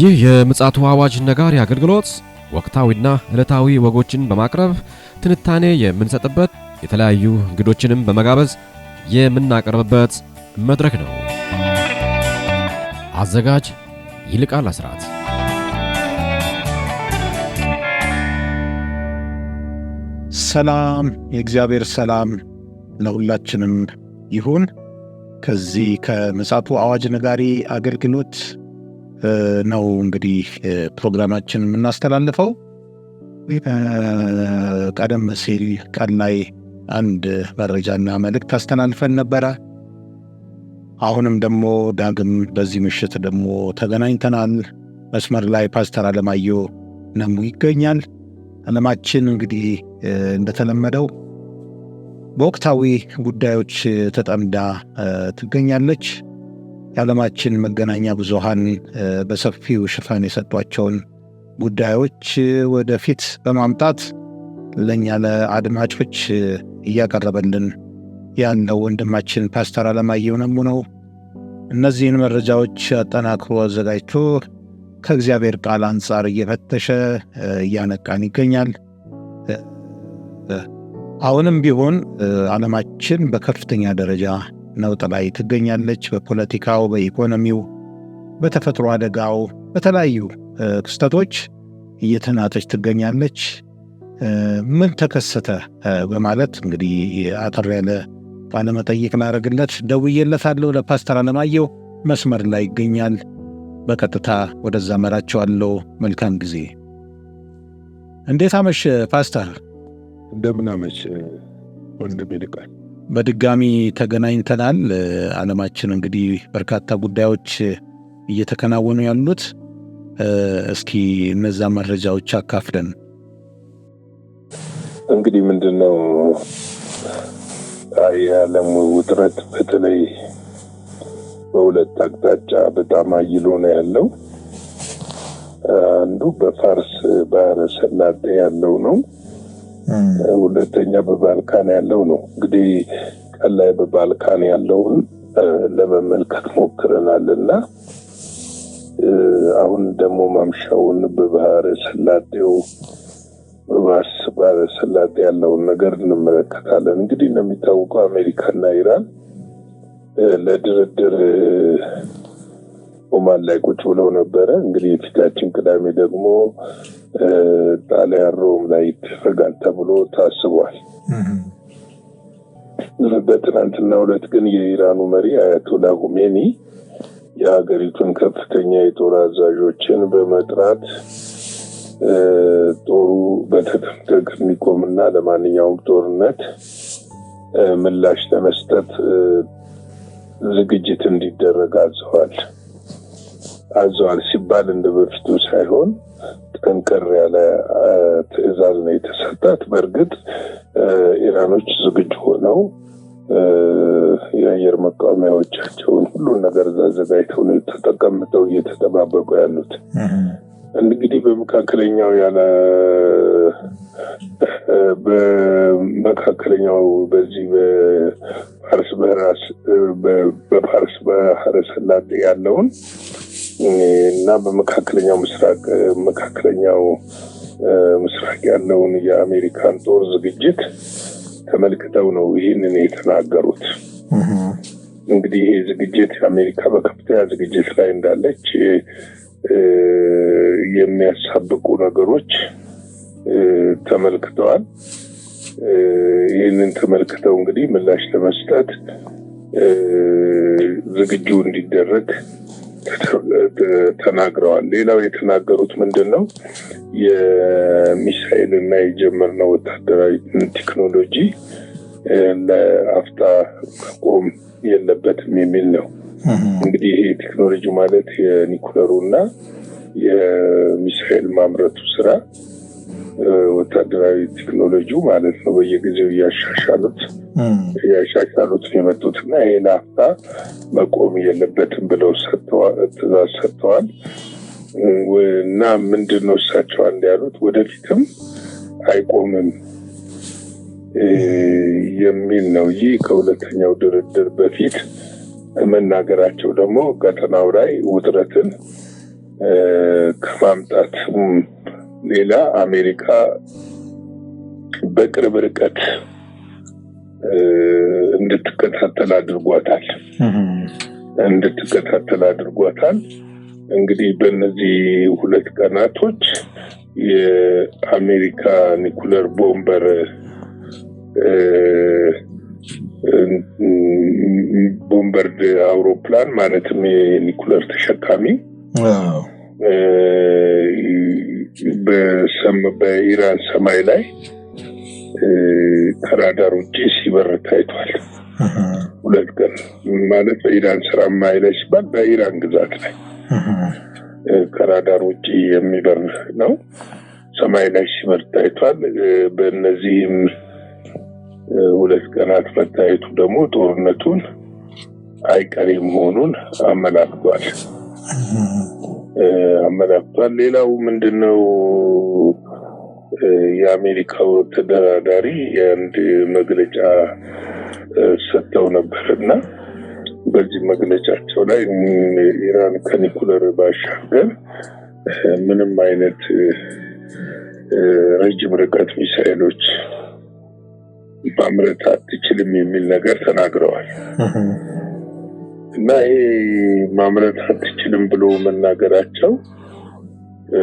ይህ የምፅዓቱ አዋጅ ነጋሪ አገልግሎት ወቅታዊና ዕለታዊ ወጎችን በማቅረብ ትንታኔ የምንሰጥበት የተለያዩ እንግዶችንም በመጋበዝ የምናቀርብበት መድረክ ነው። አዘጋጅ ይልቃል አስራት። ሰላም፣ የእግዚአብሔር ሰላም ለሁላችንም ይሁን። ከዚህ ከምፅዓቱ አዋጅ ነጋሪ አገልግሎት ነው እንግዲህ ፕሮግራማችን የምናስተላልፈው። ቀደም ሲል ቀን ላይ አንድ መረጃና መልእክት አስተላልፈን ነበረ። አሁንም ደግሞ ዳግም በዚህ ምሽት ደግሞ ተገናኝተናል። መስመር ላይ ፓስተር አለማየሁ ነሙ ይገኛል። አለማችን እንግዲህ እንደተለመደው በወቅታዊ ጉዳዮች ተጠምዳ ትገኛለች። የዓለማችን መገናኛ ብዙሃን በሰፊው ሽፋን የሰጧቸውን ጉዳዮች ወደፊት በማምጣት ለእኛ ለአድማጮች እያቀረበልን ያለው ወንድማችን ፓስተር አለማየሁ ነሙ ነው። እነዚህን መረጃዎች አጠናክሮ አዘጋጅቶ ከእግዚአብሔር ቃል አንጻር እየፈተሸ እያነቃን ይገኛል። አሁንም ቢሆን ዓለማችን በከፍተኛ ደረጃ ነውጥ ላይ ትገኛለች። በፖለቲካው፣ በኢኮኖሚው፣ በተፈጥሮ አደጋው፣ በተለያዩ ክስተቶች እየተናጠች ትገኛለች። ምን ተከሰተ በማለት እንግዲህ አጠር ያለ ባለመጠይቅ ላደረግለት ደውዬለታለሁ። ለፓስተር አለማየሁ መስመር ላይ ይገኛል። በቀጥታ ወደዛ መራቸዋለሁ። መልካም ጊዜ። እንዴት አመሽ ፓስተር? እንደምን አመሽ ወንድም ይልቃል። በድጋሚ ተገናኝተናል። ዓለማችን እንግዲህ በርካታ ጉዳዮች እየተከናወኑ ያሉት፣ እስኪ እነዛ መረጃዎች አካፍለን። እንግዲህ ምንድን ነው ውጥረት በተለይ በሁለት አቅጣጫ በጣም አይሎ ነው ያለው። አንዱ በፋርስ ባህረ ሰላጤ ያለው ነው ሁለተኛ በባልካን ያለው ነው። እንግዲህ ቀላይ በባልካን ያለውን ለመመልከት ሞክረናል እና አሁን ደግሞ ማምሻውን በባህረ ስላጤው በባህረ ስላጤ ያለውን ነገር እንመለከታለን። እንግዲህ እንደሚታወቀው አሜሪካና ኢራን ለድርድር ኦማን ላይ ቁጭ ብለው ነበረ። እንግዲህ የፊታችን ቅዳሜ ደግሞ ጣሊያን ሮም ላይ ይደረጋል ተብሎ ታስቧል። በትናንትና ሁለት ግን የኢራኑ መሪ አያቶላ ሁሜኒ የሀገሪቱን ከፍተኛ የጦር አዛዦችን በመጥራት ጦሩ በተጠንቀቅ የሚቆምና ለማንኛውም ጦርነት ምላሽ ለመስጠት ዝግጅት እንዲደረግ አዘዋል። አዘዋል ሲባል እንደ በፊቱ ሳይሆን ጠንከር ያለ ትዕዛዝ ነው የተሰጣት። በእርግጥ ኢራኖች ዝግጁ ሆነው የአየር መቃወሚያዎቻቸውን ሁሉን ነገር አዘጋጅተው ነው ተጠቀምጠው እየተጠባበቁ ያሉት። እንግዲህ በመካከለኛው ያለ በመካከለኛው በዚህ በፋርስ በራስ በፋርስ ባህረ ሰላጤ ያለውን እና በመካከለኛው ምስራቅ መካከለኛው ምስራቅ ያለውን የአሜሪካን ጦር ዝግጅት ተመልክተው ነው ይህንን የተናገሩት። እንግዲህ ይህ ዝግጅት አሜሪካ በከፍተኛ ዝግጅት ላይ እንዳለች የሚያሳብቁ ነገሮች ተመልክተዋል። ይህንን ተመልክተው እንግዲህ ምላሽ ለመስጠት ዝግጁ እንዲደረግ ተናግረዋል። ሌላው የተናገሩት ምንድን ነው? የሚሳኤል እና የጀመርነው ወታደራዊ ቴክኖሎጂ ለአፍታ መቆም የለበትም የሚል ነው። እንግዲህ ይሄ ቴክኖሎጂ ማለት የኒኩለሩ እና የሚሳኤል ማምረቱ ስራ ወታደራዊ ቴክኖሎጂ ማለት ነው። በየጊዜው እያሻሻሉት እያሻሻሉት የመጡት እና ይሄ ናፍታ መቆም የለበትም ብለው ትእዛዝ ሰጥተዋል እና ምንድን ነው እሳቸው አንድ ያሉት ወደፊትም አይቆምም የሚል ነው። ይህ ከሁለተኛው ድርድር በፊት መናገራቸው ደግሞ ቀጠናው ላይ ውጥረትን ከማምጣት ሌላ አሜሪካ በቅርብ ርቀት እንድትከታተል አድርጓታል እንድትከታተል አድርጓታል። እንግዲህ በእነዚህ ሁለት ቀናቶች የአሜሪካ ኒኩለር ቦምበር ቦምበርድ አውሮፕላን ማለትም የኒኩለር ተሸካሚ በኢራን ሰማይ ላይ ከራዳር ውጭ ሲበር ታይቷል። ሁለት ቀን ማለት በኢራን ማይ ላይ ሲባል በኢራን ግዛት ላይ ከራዳር ውጭ የሚበር ነው። ሰማይ ላይ ሲበር ታይቷል። በእነዚህም ሁለት ቀናት መታየቱ ደግሞ ጦርነቱን አይቀሬ መሆኑን አመላክቷል አመላክቷል። ሌላው ምንድነው። የአሜሪካው ተደራዳሪ የአንድ መግለጫ ሰጥተው ነበር እና በዚህ መግለጫቸው ላይ ኢራን ከኒኩለር ባሻገር ምንም አይነት ረጅም ርቀት ሚሳይሎች ማምረት አትችልም የሚል ነገር ተናግረዋል። እና ይሄ ማምረት አትችልም ብሎ መናገራቸው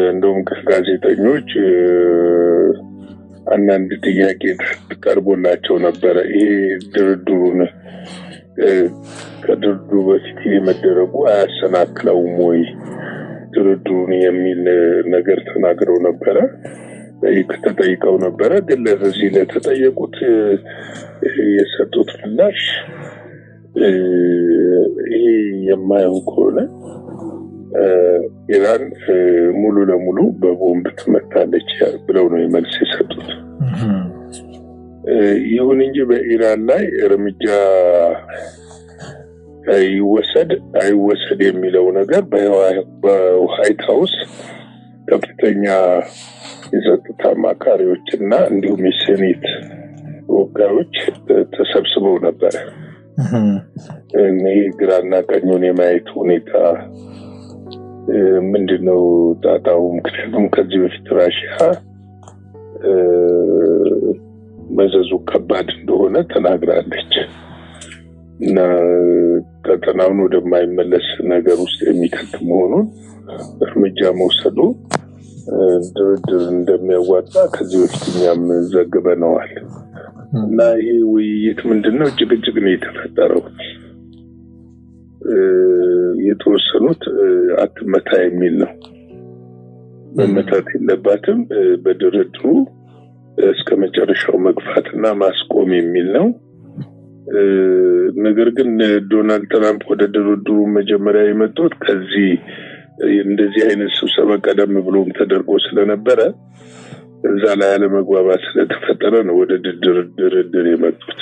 እንደውም ከጋዜጠኞች አንዳንድ ጥያቄ ቀርቦላቸው ነበረ። ይሄ ድርድሩን ከድርድሩ በፊት የመደረጉ አያሰናክለውም ወይ ድርድሩን የሚል ነገር ተናግረው ነበረ ተጠይቀው ነበረ። ግን ለዚህ ለተጠየቁት የሰጡት ምላሽ ይሄ የማየው ከሆነ ኢራን ሙሉ ለሙሉ በቦምብ ትመታለች ብለው ነው መልስ የሰጡት። ይሁን እንጂ በኢራን ላይ እርምጃ ይወሰድ አይወሰድ የሚለው ነገር በዋይት ሀውስ ከፍተኛ የጸጥታ አማካሪዎች እና እንዲሁም የሴኔት ወጋዮች ተሰብስበው ነበረ። እኔ ግራና ቀኙን የማየት ሁኔታ ምንድን ነው ጣጣው? ምክንያቱም ከዚህ በፊት ራሽያ መዘዙ ከባድ እንደሆነ ተናግራለች እና ቀጠናውን ወደማይመለስ ነገር ውስጥ የሚከት መሆኑን እርምጃ መውሰዱ ድርድር እንደሚያዋጣ ከዚህ በፊት እኛም ዘግበነዋል። እና ይሄ ውይይት ምንድን ነው ጭቅጭቅ ነው የተፈጠረው። የተወሰኑት አትመታ የሚል ነው። መመታት የለባትም በድርድሩ እስከ መጨረሻው መግፋትና ማስቆም የሚል ነው። ነገር ግን ዶናልድ ትራምፕ ወደ ድርድሩ መጀመሪያ የመጡት ከዚህ እንደዚህ አይነት ስብሰባ ቀደም ብሎም ተደርጎ ስለነበረ እዛ ላይ አለመግባባት ስለተፈጠረ ነው ወደ ድርድር የመጡት።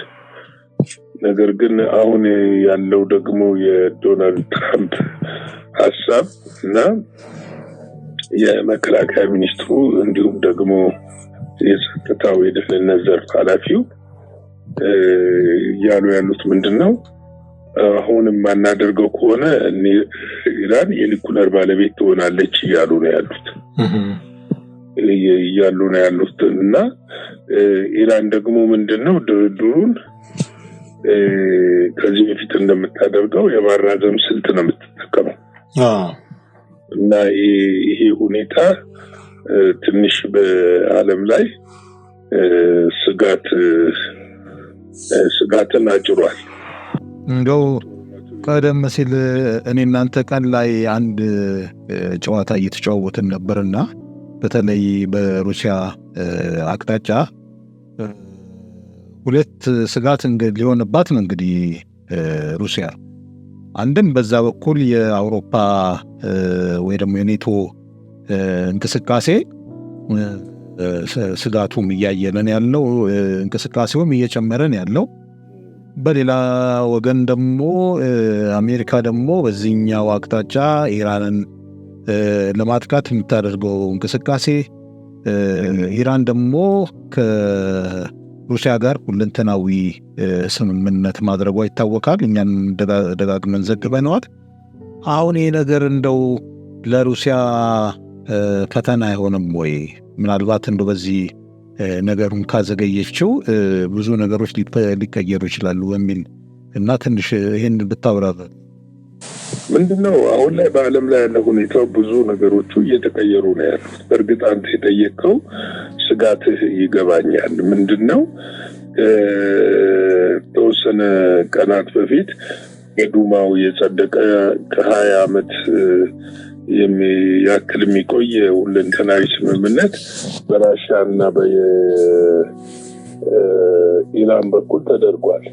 ነገር ግን አሁን ያለው ደግሞ የዶናልድ ትራምፕ ሀሳብ እና የመከላከያ ሚኒስትሩ እንዲሁም ደግሞ የጸጥታው የደህንነት ዘርፍ ኃላፊው እያሉ ያሉት ምንድን ነው? አሁን የማናደርገው ከሆነ ኢራን የኒኩለር ባለቤት ትሆናለች እያሉ ነው ያሉት እያሉ ነው ያሉት እና ኢራን ደግሞ ምንድን ነው ድርድሩን ከዚህ በፊት እንደምታደርገው የማራዘም ስልት ነው የምትጠቀመው እና ይሄ ሁኔታ ትንሽ በአለም ላይ ስጋትን አጭሯል። እንደው ቀደም ሲል እኔ እናንተ ቀን ላይ አንድ ጨዋታ እየተጫወትን ነበርና በተለይ በሩሲያ አቅጣጫ ሁለት ስጋት ሊሆንባት ነው እንግዲህ ሩሲያ። አንድም በዛ በኩል የአውሮፓ ወይ ደግሞ የኔቶ እንቅስቃሴ ስጋቱም እያየለን ያለው እንቅስቃሴውም እየጨመረን ያለው በሌላ ወገን ደግሞ አሜሪካ ደግሞ በዚህኛው አቅጣጫ ኢራንን ለማጥቃት የምታደርገው እንቅስቃሴ ኢራን ደግሞ ሩሲያ ጋር ሁለንተናዊ ስምምነት ማድረጓ ይታወቃል። እኛን ደጋግመን ዘግበነዋል። አሁን ይህ ነገር እንደው ለሩሲያ ፈተና አይሆንም ወይ? ምናልባት እንደ በዚህ ነገሩን ካዘገየችው ብዙ ነገሮች ሊቀየሩ ይችላሉ በሚል እና ትንሽ ይህን ብታብራራል። ምንድን ነው አሁን ላይ በአለም ላይ ያለ ሁኔታው ብዙ ነገሮቹ እየተቀየሩ ነው ያሉ እርግጥ አንተ የጠየቅከው ስጋት ይገባኛል። ምንድን ነው ተወሰነ ቀናት በፊት የዱማው የጸደቀ ከሀያ ዓመት ያክል የሚቆይ ሁለንተናዊ ስምምነት በራሻ እና በኢራን በኩል ተደርጓል።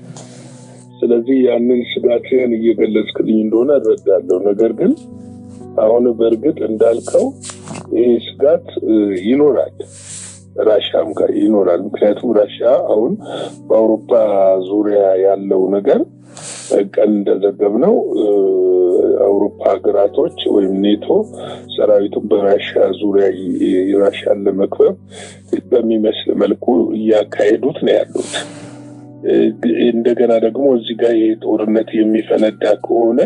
ስለዚህ ያንን ስጋትህን እየገለጽክልኝ እንደሆነ እረዳለሁ። ነገር ግን አሁን በእርግጥ እንዳልከው ይህ ስጋት ይኖራል ራሻም ጋር ይኖራል። ምክንያቱም ራሻ አሁን በአውሮፓ ዙሪያ ያለው ነገር ቀን ነው አውሮፓ ሀገራቶች ወይም ኔቶ ሰራዊቱን በራሻ ዙሪያ ራሻን ለመክበብ በሚመስል መልኩ እያካሄዱት ነው ያሉት። እንደገና ደግሞ እዚህ ጋር ይሄ ጦርነት የሚፈነዳ ከሆነ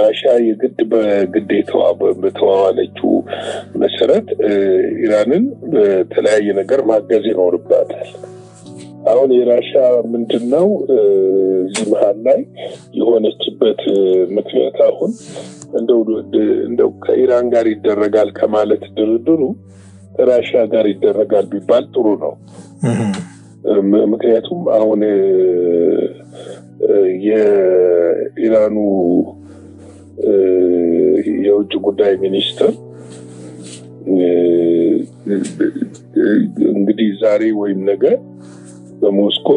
ራሻ የግድ በግዴታዋ በተዋዋለችው መሰረት ኢራንን በተለያየ ነገር ማገዝ ይኖርባታል። አሁን የራሻ ምንድን ነው እዚህ መሀል ላይ የሆነችበት ምክንያት አሁን እንደው ከኢራን ጋር ይደረጋል ከማለት ድርድሩ ራሻ ጋር ይደረጋል ቢባል ጥሩ ነው። ምክንያቱም አሁን የኢራኑ የውጭ ጉዳይ ሚኒስትር እንግዲህ ዛሬ ወይም ነገ በሞስኮ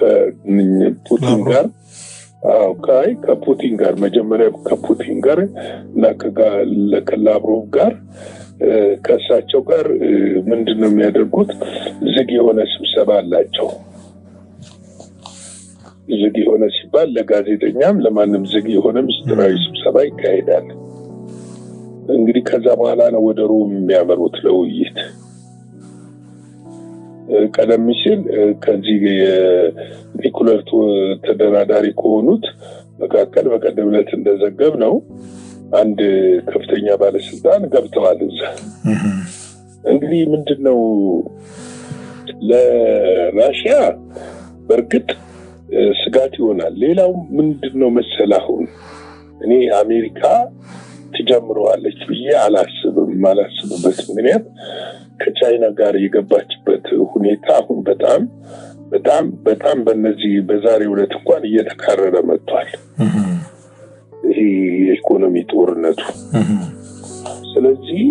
ከፑቲን ጋር ቃይ ከፑቲን ጋር መጀመሪያ ከፑቲን ጋር እና ከላብሮቭ ጋር ከእሳቸው ጋር ምንድን ነው የሚያደርጉት? ዝግ የሆነ ስብሰባ አላቸው። ዝግ የሆነ ሲባል ለጋዜጠኛም ለማንም ዝግ የሆነ ምስጢራዊ ስብሰባ ይካሄዳል። እንግዲህ ከዛ በኋላ ነው ወደ ሮም የሚያመሩት ለውይይት። ቀደም ሲል ከዚህ የኒኩለር ተደራዳሪ ከሆኑት መካከል በቀደም ዕለት እንደዘገብ ነው አንድ ከፍተኛ ባለስልጣን ገብተዋል እዛ። እንግዲህ ምንድን ነው ለራሽያ በእርግጥ ስጋት ይሆናል። ሌላው ምንድን ነው መሰል አሁን እኔ አሜሪካ ትጀምረዋለች ብዬ አላስብም። የማላስብበት ምክንያት ከቻይና ጋር የገባችበት ሁኔታ አሁን በጣም በጣም በጣም በነዚህ በዛሬ ውለት እንኳን እየተካረረ መጥቷል። በዚህ የኢኮኖሚ ጦርነቱ። ስለዚህ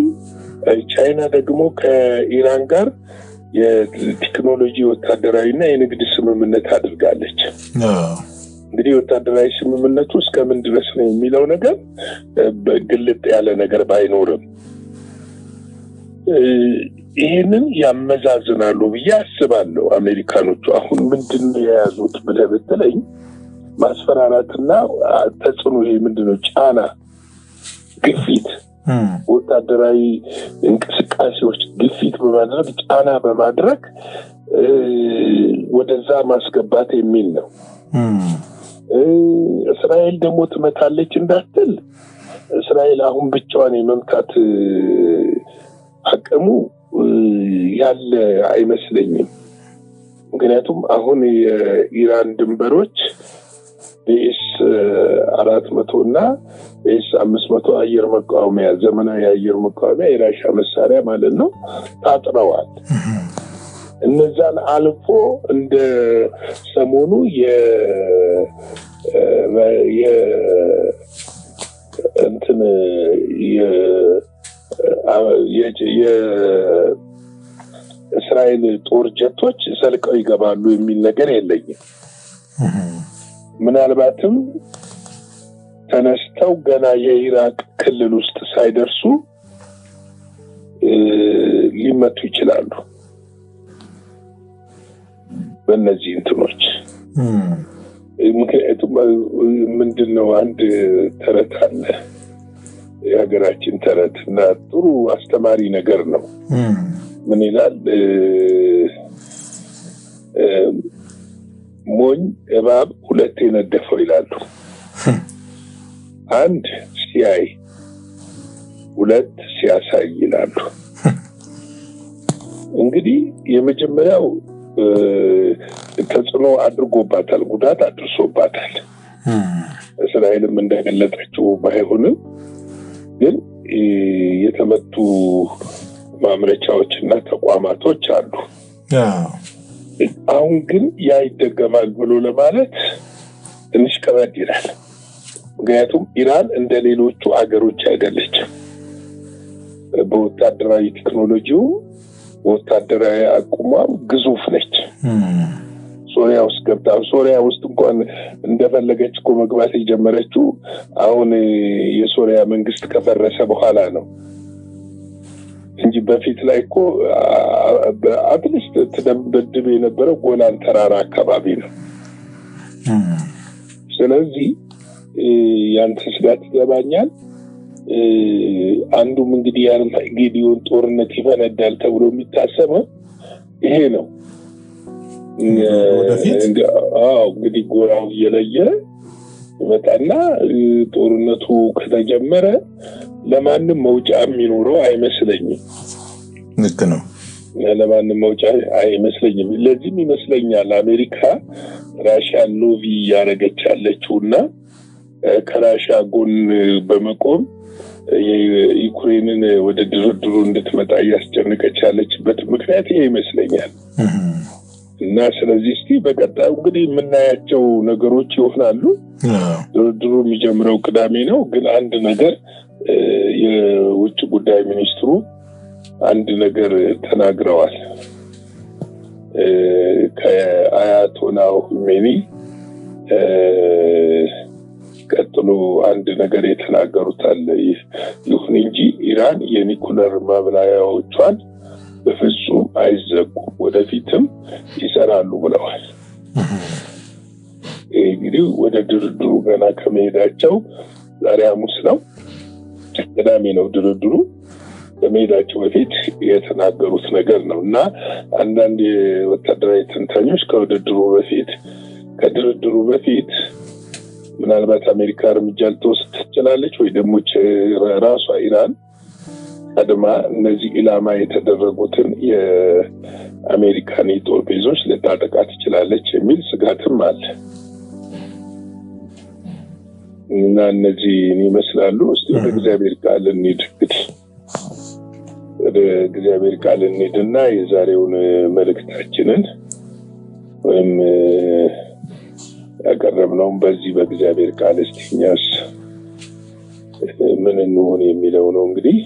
ቻይና ደግሞ ከኢራን ጋር የቴክኖሎጂ ወታደራዊ እና የንግድ ስምምነት አድርጋለች። እንግዲህ ወታደራዊ ስምምነቱ እስከምን ድረስ ነው የሚለው ነገር ግልጥ ያለ ነገር ባይኖርም ይህንን ያመዛዝናሉ ብዬ አስባለሁ። አሜሪካኖቹ አሁን ምንድን የያዙት ብለ ብትለኝ ማስፈራራትና ተጽዕኖ ይሄ ምንድነው ጫና፣ ግፊት፣ ወታደራዊ እንቅስቃሴዎች ግፊት በማድረግ ጫና በማድረግ ወደዛ ማስገባት የሚል ነው። እስራኤል ደግሞ ትመታለች እንዳትል እስራኤል አሁን ብቻዋን የመምታት አቅሙ ያለ አይመስለኝም። ምክንያቱም አሁን የኢራን ድንበሮች ቤኤስ አራት መቶ እና ቤኤስ አምስት መቶ አየር መቃወሚያ ዘመናዊ አየር መቃወሚያ የራሻ መሳሪያ ማለት ነው ታጥረዋል። እነዛን አልፎ እንደ ሰሞኑ እንትን የእስራኤል ጦር ጀቶች ሰልቀው ይገባሉ የሚል ነገር የለኝም። ምናልባትም ተነስተው ገና የኢራቅ ክልል ውስጥ ሳይደርሱ ሊመቱ ይችላሉ በእነዚህ እንትኖች። ምክንያቱም ምንድን ነው አንድ ተረት አለ የሀገራችን ተረት እና ጥሩ አስተማሪ ነገር ነው። ምን ይላል? ሞኝ እባብ ሁለት የነደፈው ይላሉ። አንድ ሲያይ፣ ሁለት ሲያሳይ ይላሉ። እንግዲህ የመጀመሪያው ተጽዕኖ አድርጎባታል፣ ጉዳት አድርሶባታል። እስራኤልም እንደገለጠችው ባይሆንም ግን የተመቱ ማምረቻዎች እና ተቋማቶች አሉ። አሁን ግን ያ ይደገማል ብሎ ለማለት ትንሽ ቀበድ ይላል። ምክንያቱም ኢራን እንደ ሌሎቹ አገሮች አይደለችም። በወታደራዊ ቴክኖሎጂው ወታደራዊ አቁሟም ግዙፍ ነች። ሶሪያ ውስጥ ገብታ ሶሪያ ውስጥ እንኳን እንደፈለገች እኮ መግባት የጀመረችው አሁን የሶሪያ መንግስት ከፈረሰ በኋላ ነው። እንጂ በፊት ላይ እኮ አትሊስት ትደበድብ የነበረው ጎላን ተራራ አካባቢ ነው። ስለዚህ ያንተ ስጋት ይገባኛል። አንዱም እንግዲህ ጌዲዮን ጦርነት ይፈነዳል ተብሎ የሚታሰበው ይሄ ነው። እንግዲህ ጎራው እየለየ ይመጣና ጦርነቱ ከተጀመረ ለማንም መውጫ የሚኖረው አይመስለኝም። ልክ ነው። ለማንም መውጫ አይመስለኝም። ለዚህም ይመስለኛል አሜሪካ ራሽያን ሎቪ እያደረገች ያለችው እና ከራሻ ጎን በመቆም የዩክሬንን ወደ ድርድሩ እንድትመጣ እያስጨነቀች ያለችበት ምክንያት ይሄ ይመስለኛል። እና ስለዚህ እስቲ በቀጣዩ እንግዲህ የምናያቸው ነገሮች ይሆናሉ። ድርድሩ የሚጀምረው ቅዳሜ ነው። ግን አንድ ነገር የውጭ ጉዳይ ሚኒስትሩ አንድ ነገር ተናግረዋል። ከአያቶና ሁሜኒ ቀጥሎ አንድ ነገር የተናገሩታል። ይሁን እንጂ ኢራን የኒኩለር ማብላያዎቿን በፍጹም አይዘጉም፣ ወደፊትም ይሰራሉ ብለዋል። እንግዲህ ወደ ድርድሩ ገና ከመሄዳቸው ዛሬ አሙስ ነው። ቅዳሜ ነው ድርድሩ። በመሄዳቸው በፊት የተናገሩት ነገር ነው እና አንዳንድ የወታደራዊ ትንታኞች ከውድድሩ በፊት ከድርድሩ በፊት ምናልባት አሜሪካ እርምጃ ልትወስድ ትችላለች ወይ ደግሞ ራሷ ኢራን ቀድማ እነዚህ ኢላማ የተደረጉትን የአሜሪካን የጦር ቤዞች ልታጠቃ ትችላለች የሚል ስጋትም አለ። እና እነዚህ ይመስላሉ። እስቲ ወደ እግዚአብሔር ቃል እንሂድ። እንግዲህ ወደ እግዚአብሔር ቃል እና የዛሬውን መልእክታችንን ወይም ያቀረብነውም በዚህ በእግዚአብሔር ቃል እስቲ እኛስ ምን እንሆን የሚለው ነው። እንግዲህ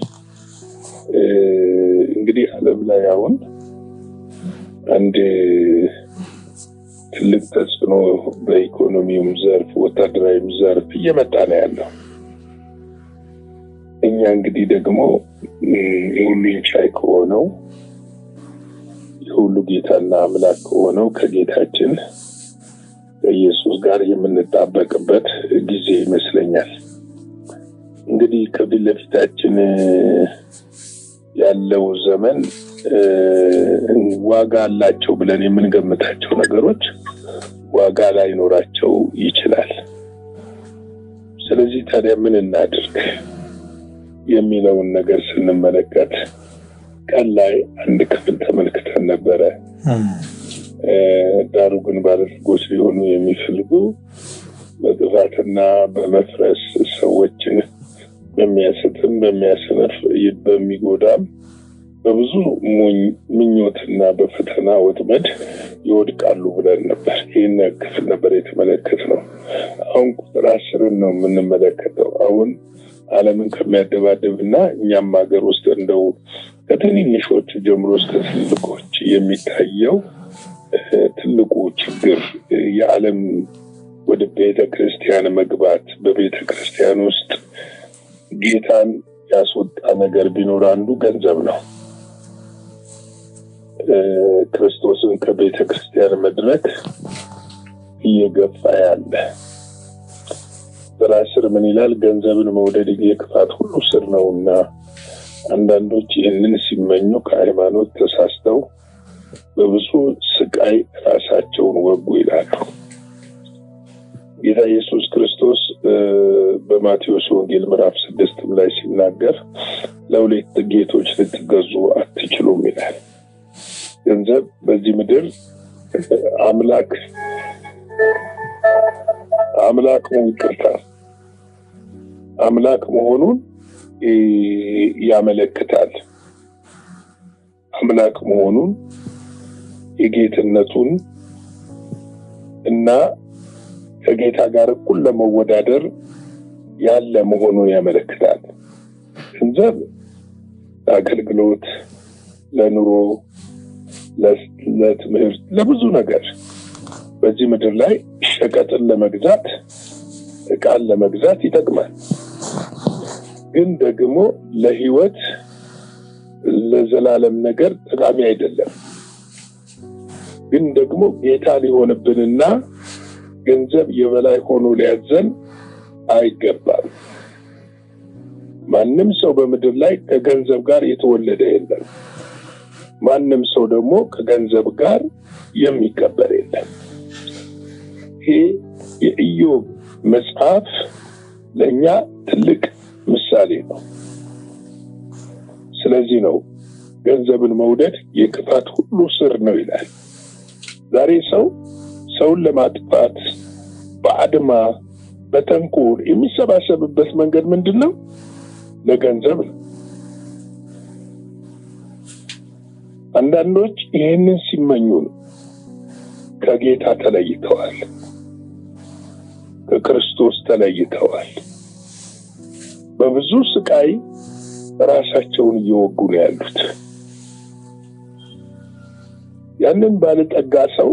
እንግዲህ ዓለም ላይ አሁን አንድ ትልቅ ተጽዕኖ በኢኮኖሚውም ዘርፍ ወታደራዊም ዘርፍ እየመጣ ነው ያለው። እኛ እንግዲህ ደግሞ የሁሉን ቻይ ከሆነው የሁሉ ጌታና አምላክ ከሆነው ከጌታችን ከኢየሱስ ጋር የምንጣበቅበት ጊዜ ይመስለኛል። እንግዲህ ከፊት ለፊታችን ያለው ዘመን ዋጋ አላቸው ብለን የምንገምታቸው ነገሮች ዋጋ ላይኖራቸው ይችላል። ስለዚህ ታዲያ ምን እናድርግ የሚለውን ነገር ስንመለከት ቀን ላይ አንድ ክፍል ተመልክተን ነበረ። ዳሩ ግን ባለጸጎች ሊሆኑ የሚፈልጉ በጥፋትና በመፍረስ ሰዎችን በሚያስትም በሚያስነፍ በሚጎዳም በብዙ ምኞትና በፈተና ወጥመድ ይወድቃሉ ብለን ነበር። ይህን ክፍል ነበር የተመለከት ነው። አሁን ቁጥር አስርን ነው የምንመለከተው። አሁን አለምን ከሚያደባደብ እና እኛም ሀገር ውስጥ እንደው ከትንንሾች ጀምሮ እስከ ትልቆች የሚታየው ትልቁ ችግር የዓለም ወደ ቤተ ክርስቲያን መግባት፣ በቤተ ክርስቲያን ውስጥ ጌታን ያስወጣ ነገር ቢኖር አንዱ ገንዘብ ነው። ክርስቶስን ከቤተ ክርስቲያን መድረክ እየገፋ ያለ በራስ ስር ምን ይላል? ገንዘብን መውደድ የክፋት ሁሉ ስር ነውና አንዳንዶች ይህንን ሲመኙ ከሃይማኖት ተሳስተው በብዙ ስቃይ ራሳቸውን ወጉ ይላሉ። ጌታ ኢየሱስ ክርስቶስ በማቴዎስ ወንጌል ምዕራፍ ስድስትም ላይ ሲናገር ለሁለት ጌቶች ልትገዙ አትችሉም ይላል። ገንዘብ በዚህ ምድር አምላክ አምላክ ይቅርታ አምላክ መሆኑን ያመለክታል። አምላክ መሆኑን የጌትነቱን እና ከጌታ ጋር እኩል ለመወዳደር ያለ መሆኑን ያመለክታል። ገንዘብ ለአገልግሎት፣ ለኑሮ ለትምህርት፣ ለብዙ ነገር በዚህ ምድር ላይ ሸቀጥን ለመግዛት እቃን ለመግዛት ይጠቅማል። ግን ደግሞ ለህይወት ለዘላለም ነገር ጠቃሚ አይደለም። ግን ደግሞ ጌታ ሊሆንብንና ገንዘብ የበላይ ሆኖ ሊያዘን አይገባም። ማንም ሰው በምድር ላይ ከገንዘብ ጋር የተወለደ የለም። ማንም ሰው ደግሞ ከገንዘብ ጋር የሚቀበር የለም። ይሄ የኢዮብ መጽሐፍ ለእኛ ትልቅ ምሳሌ ነው። ስለዚህ ነው ገንዘብን መውደድ የክፋት ሁሉ ስር ነው ይላል። ዛሬ ሰው ሰውን ለማጥፋት በአድማ በተንኮል የሚሰባሰብበት መንገድ ምንድን ነው? ለገንዘብ ነው። አንዳንዶች ይህንን ሲመኙ ነው ከጌታ ተለይተዋል፣ ከክርስቶስ ተለይተዋል። በብዙ ስቃይ ራሳቸውን እየወጉ ነው ያሉት። ያንን ባለጠጋ ሰው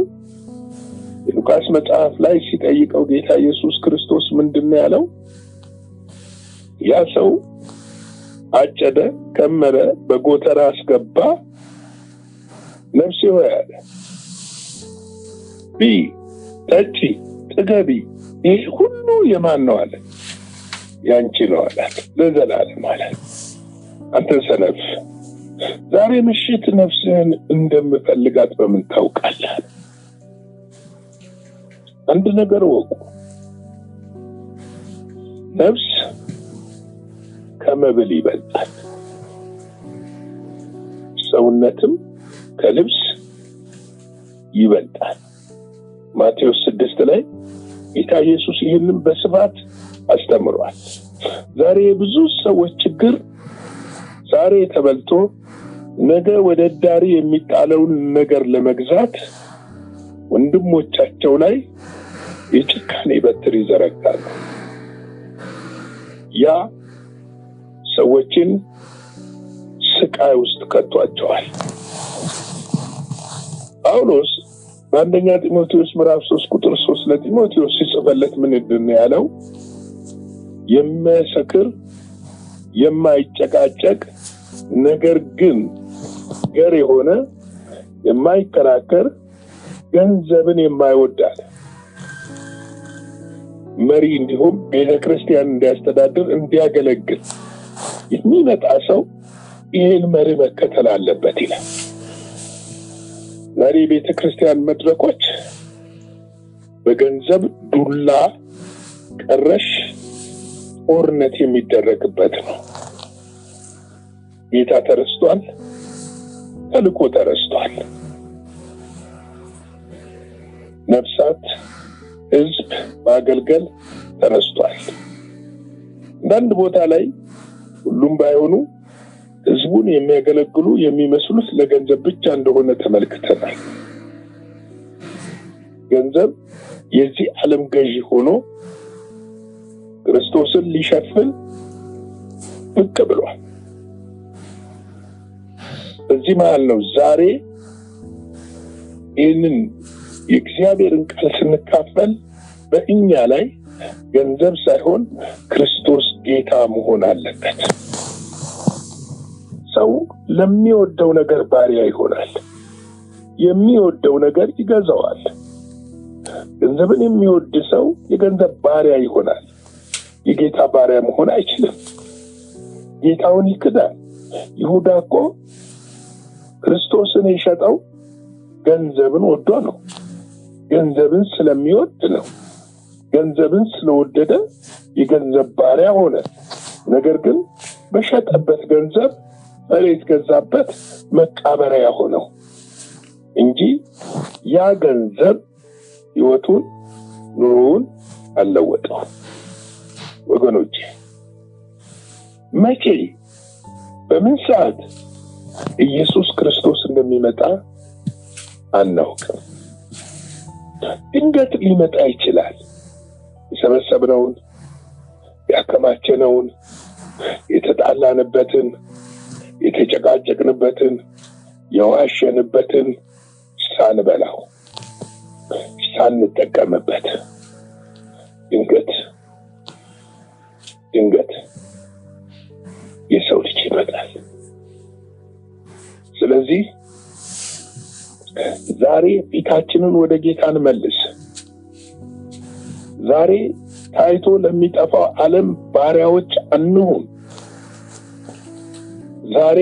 የሉቃስ መጽሐፍ ላይ ሲጠይቀው ጌታ ኢየሱስ ክርስቶስ ምንድን ነው ያለው? ያ ሰው አጨደ፣ ከመረ፣ በጎተራ አስገባ ነፍስ ይሆያል ቢ ጠጪ ጥገቢ፣ ይህ ሁሉ የማን ነው አለ። ያንቺ ነው አላት ለዘላለም አላት። አንተ ሰነፍ ዛሬ ምሽት ነፍስህን እንደምፈልጋት በምን ታውቃለህ? አንድ ነገር ወቁ፣ ነፍስ ከመብል ይበልጣል ሰውነትም ከልብስ ይበልጣል። ማቴዎስ ስድስት ላይ ጌታ ኢየሱስ ይህንን በስፋት አስተምሯል። ዛሬ የብዙ ሰዎች ችግር ዛሬ ተበልቶ ነገ ወደ ዳሪ የሚጣለውን ነገር ለመግዛት ወንድሞቻቸው ላይ የጭካኔ በትር ይዘረጋሉ። ያ ሰዎችን ስቃይ ውስጥ ከቷቸዋል። ጳውሎስ በአንደኛ ጢሞቴዎስ ምዕራፍ ሶስት ቁጥር ሶስት ለጢሞቴዎስ ሲጽፈለት ምንድን ያለው? የሚያሰክር የማይጨቃጨቅ ነገር ግን ገር የሆነ የማይከራከር ገንዘብን የማይወዳል መሪ እንዲሁም ቤተክርስቲያን እንዲያስተዳድር እንዲያገለግል የሚመጣ ሰው ይህን መሪ መከተል አለበት ይላል። መሪ ቤተ ክርስቲያን መድረኮች በገንዘብ ዱላ ቀረሽ ጦርነት የሚደረግበት ነው። ጌታ ተረስቷል። ተልኮ ተረስቷል። ነፍሳት፣ ህዝብ ማገልገል ተረስቷል። አንዳንድ ቦታ ላይ ሁሉም ባይሆኑ ህዝቡን የሚያገለግሉ የሚመስሉት ለገንዘብ ብቻ እንደሆነ ተመልክተናል። ገንዘብ የዚህ ዓለም ገዢ ሆኖ ክርስቶስን ሊሸፍን ብቅ ብሏል። በዚህ መሀል ነው ዛሬ ይህንን የእግዚአብሔርን ቃል ስንካፈል በእኛ ላይ ገንዘብ ሳይሆን ክርስቶስ ጌታ መሆን አለበት። ሰው ለሚወደው ነገር ባሪያ ይሆናል። የሚወደው ነገር ይገዛዋል። ገንዘብን የሚወድ ሰው የገንዘብ ባሪያ ይሆናል። የጌታ ባሪያ መሆን አይችልም። ጌታውን ይክዳል። ይሁዳ እኮ ክርስቶስን የሸጠው ገንዘብን ወዶ ነው። ገንዘብን ስለሚወድ ነው። ገንዘብን ስለወደደ የገንዘብ ባሪያ ሆነ። ነገር ግን በሸጠበት ገንዘብ መሬት የተገዛበት መቃበሪያ ሆነው እንጂ ያ ገንዘብ ህይወቱን ኑሮውን አለወጠው ወገኖች መቼ በምን ሰዓት ኢየሱስ ክርስቶስ እንደሚመጣ አናውቅም። ድንገት ሊመጣ ይችላል። የሰበሰብነውን ያከማቸነውን የተጣላንበትን የተጨቃጨቅንበትን የዋሸንበትን ሳንበላው ሳንጠቀምበት ድንገት ድንገት የሰው ልጅ ይመጣል። ስለዚህ ዛሬ ፊታችንን ወደ ጌታ እንመልስ። ዛሬ ታይቶ ለሚጠፋው ዓለም ባሪያዎች አንሁን። ዛሬ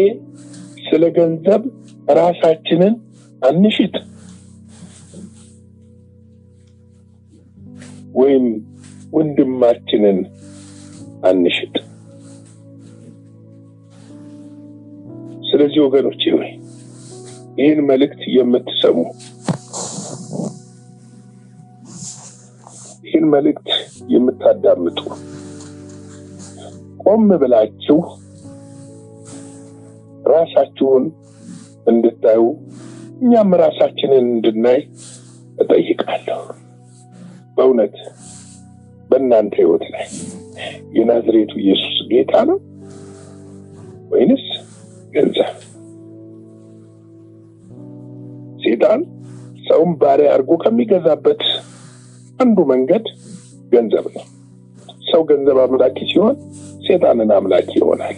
ስለ ገንዘብ ራሳችንን አንሽት ወይም ወንድማችንን አንሽጥ። ስለዚህ ወገኖች ወይ ይህን መልእክት የምትሰሙ ይህን መልእክት የምታዳምጡ ቆም ብላችሁ ራሳችሁን እንድታዩ እኛም ራሳችንን እንድናይ እጠይቃለሁ። በእውነት በእናንተ ህይወት ላይ የናዝሬቱ ኢየሱስ ጌታ ነው ወይንስ ገንዘብ? ሴጣን ሰውን ባሪያ አድርጎ ከሚገዛበት አንዱ መንገድ ገንዘብ ነው። ሰው ገንዘብ አምላኪ ሲሆን ሴጣንን አምላኪ ይሆናል።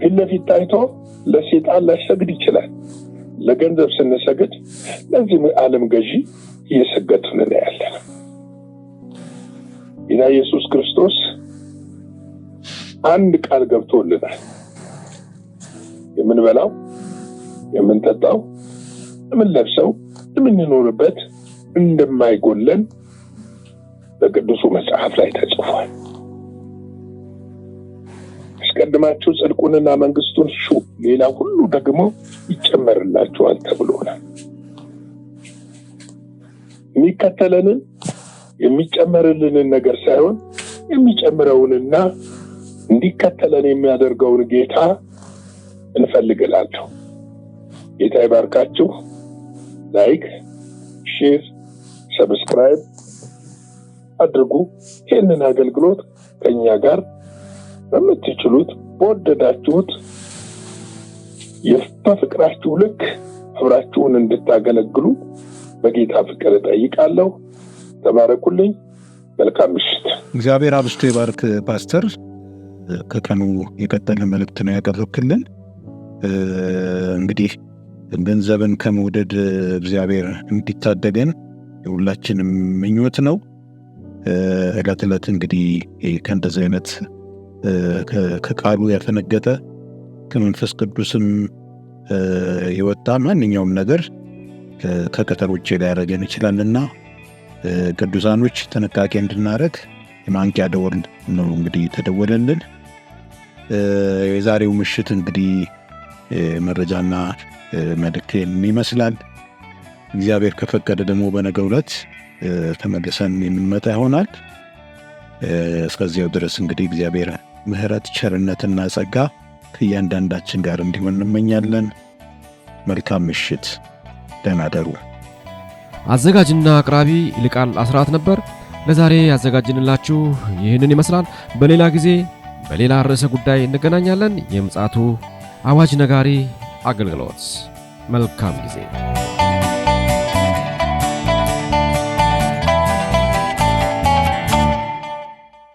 ፊት ለፊት ታይቶ ለሴጣን ላይሰግድ ይችላል። ለገንዘብ ስንሰግድ ለዚህ ዓለም ገዢ እየሰገድን ነው ጌታ ኢየሱስ ክርስቶስ አንድ ቃል ገብቶልናል። የምንበላው፣ የምንጠጣው፣ የምንለብሰው፣ የምንኖርበት እንደማይጎለን በቅዱሱ መጽሐፍ ላይ ተጽፏል። አስቀድማችሁ ጽድቁንና መንግስቱን ሹ፣ ሌላ ሁሉ ደግሞ ይጨመርላችኋል ተብሎናል። የሚከተለንን የሚጨመርልንን ነገር ሳይሆን የሚጨምረውንና እንዲከተለን የሚያደርገውን ጌታ እንፈልግላለሁ። ጌታ ይባርካችሁ። ላይክ፣ ሼር፣ ሰብስክራይብ አድርጉ። ይህንን አገልግሎት ከእኛ ጋር በምትችሉት በወደዳችሁት በፍቅራችሁ ልክ ህብራችሁን እንድታገለግሉ በጌታ ፍቅር እጠይቃለሁ። ተባረኩልኝ። መልካም ምሽት። እግዚአብሔር አብስቶ የባርክ ፓስተር ከቀኑ የቀጠለ መልእክት ነው ያቀረብክልን። እንግዲህ ገንዘብን ከመውደድ እግዚአብሔር እንዲታደገን የሁላችንም ምኞት ነው። ዕለት ዕለት እንግዲህ ከእንደዚህ አይነት ከቃሉ ያፈነገጠ ከመንፈስ ቅዱስም የወጣ ማንኛውም ነገር ከቀጠሮች ውጭ ሊያደርገን ይችላልና ቅዱሳኖች ጥንቃቄ እንድናደረግ የማንቂያ ደወል ነው እንግዲህ የተደወለልን። የዛሬው ምሽት እንግዲህ መረጃና መልእክት ይመስላል። እግዚአብሔር ከፈቀደ ደግሞ በነገ ዕለት ተመልሰን የምንመጣ ይሆናል። እስከዚያው ድረስ እንግዲህ እግዚአብሔር ምሕረት ቸርነትና ጸጋ ከእያንዳንዳችን ጋር እንዲሆን እንመኛለን። መልካም ምሽት፣ ደህና ደሩ። አዘጋጅና አቅራቢ ይልቃል አስራት ነበር። ለዛሬ ያዘጋጅንላችሁ ይህንን ይመስላል። በሌላ ጊዜ በሌላ ርዕሰ ጉዳይ እንገናኛለን። የምፅዓቱ አዋጅ ነጋሪ አገልግሎት መልካም ጊዜ